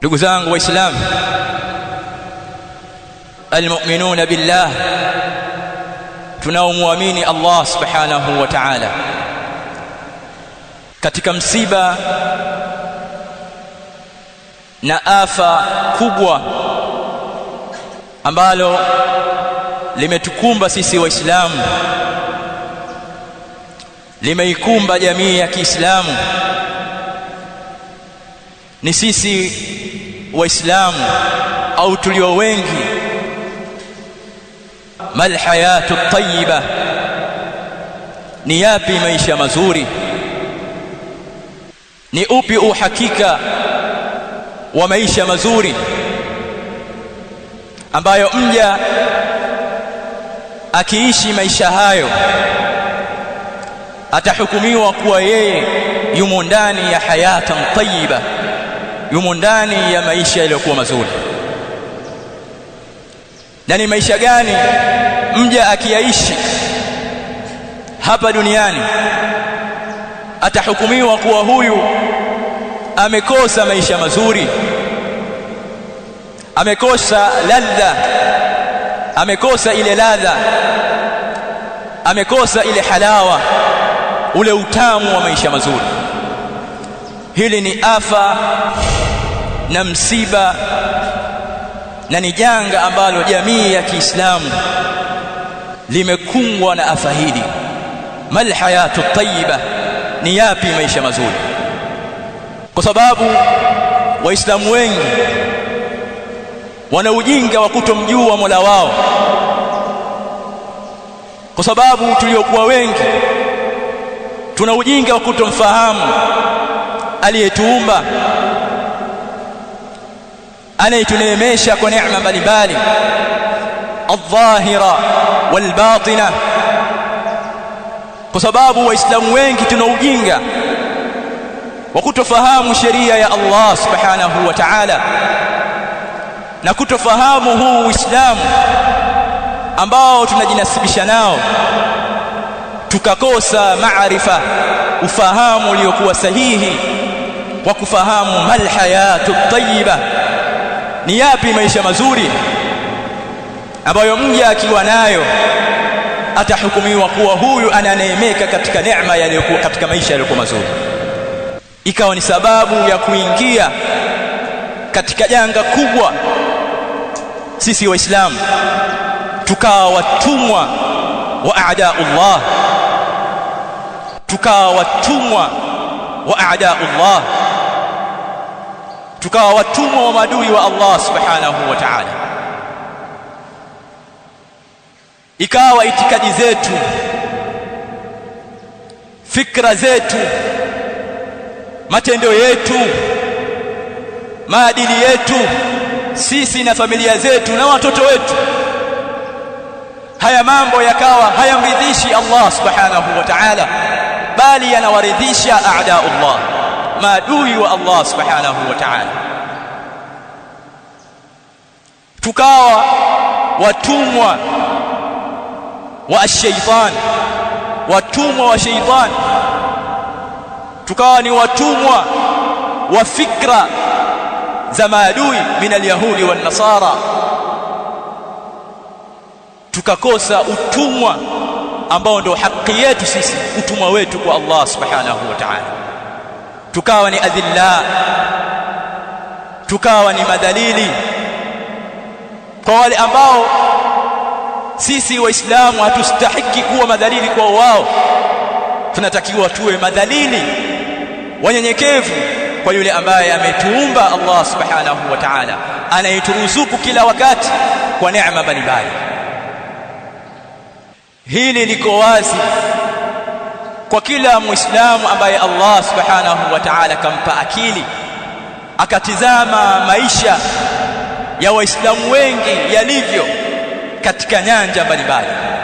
ndugu zangu waislamu almu'minuna billah tunaomwamini Allah subhanahu wa ta'ala katika msiba na afa kubwa ambalo limetukumba sisi waislamu limeikumba jamii ya Kiislamu ni sisi waislamu au tulio wengi mal hayatu tayyiba ni yapi maisha mazuri ni upi uhakika wa maisha mazuri ambayo mja akiishi maisha hayo atahukumiwa kuwa yeye yumo ndani ya hayatan tayyiba yumo ndani ya maisha yaliyokuwa mazuri. Na ni maisha gani mja akiyaishi hapa duniani atahukumiwa kuwa huyu amekosa maisha mazuri, amekosa ladha, amekosa ile ladha, amekosa ile halawa, ule utamu wa maisha mazuri. Hili ni afa na msiba na ni janga ambalo jamii ya Kiislamu limekungwa na afa hili. Mal hayatu tayyiba, ni yapi maisha mazuri? Kwa sababu Waislamu wengi wana ujinga wa kutomjua Mola wao, kwa sababu tuliokuwa wengi tuna ujinga wa kutomfahamu aliyetuumba anayetuneemesha kwa neema mbalimbali aldhahira walbatina kwa sababu waislamu wengi tuna ujinga wa kutofahamu sheria ya Allah subhanahu wa ta'ala na kutofahamu huu Uislamu ambao tunajinasibisha nao tukakosa maarifa ufahamu uliokuwa sahihi wa kufahamu mal hayatu tayyiba Ni yapi maisha mazuri ambayo mja akiwa nayo atahukumiwa kuwa huyu ananeemeka katika neema yaliyokuwa katika maisha yaliyokuwa mazuri, ikawa ni sababu ya kuingia katika janga kubwa. Sisi Waislamu tukawa watumwa wa adaullah, tukawa watumwa wa adaullah tukawa watumwa wa maadui wa Allah subhanahu wa ta'ala. Ikawa itikadi zetu, fikra zetu, matendo yetu, maadili yetu, sisi na familia zetu na watoto wetu, haya mambo yakawa hayamridhishi Allah subhanahu wa ta'ala, bali yanawaridhisha a'daullah maadui wa Allah subhanahu wa ta'ala, tukawa watumwa wa ashaitani, watumwa wa shaitani, tukawa ni watumwa wa fikra za maadui min alyahudi wan nasara, tukakosa utumwa ambao ndio haki yetu sisi, utumwa wetu kwa Allah subhanahu wa ta'ala tukawa ni adhilla, tukawa ni madhalili kwa wale ambao sisi Waislamu hatustahiki kuwa madhalili kwao. Wao tunatakiwa tuwe madhalili wanyenyekevu kwa yule ambaye ametuumba Allah subhanahu wa ta'ala, anayeturuzuku kila wakati kwa neema mbalimbali. Hili liko wazi kwa kila Muislamu ambaye Allah subhanahu wa ta'ala akampa akili akatizama maisha ya Waislamu wengi yalivyo katika nyanja mbalimbali.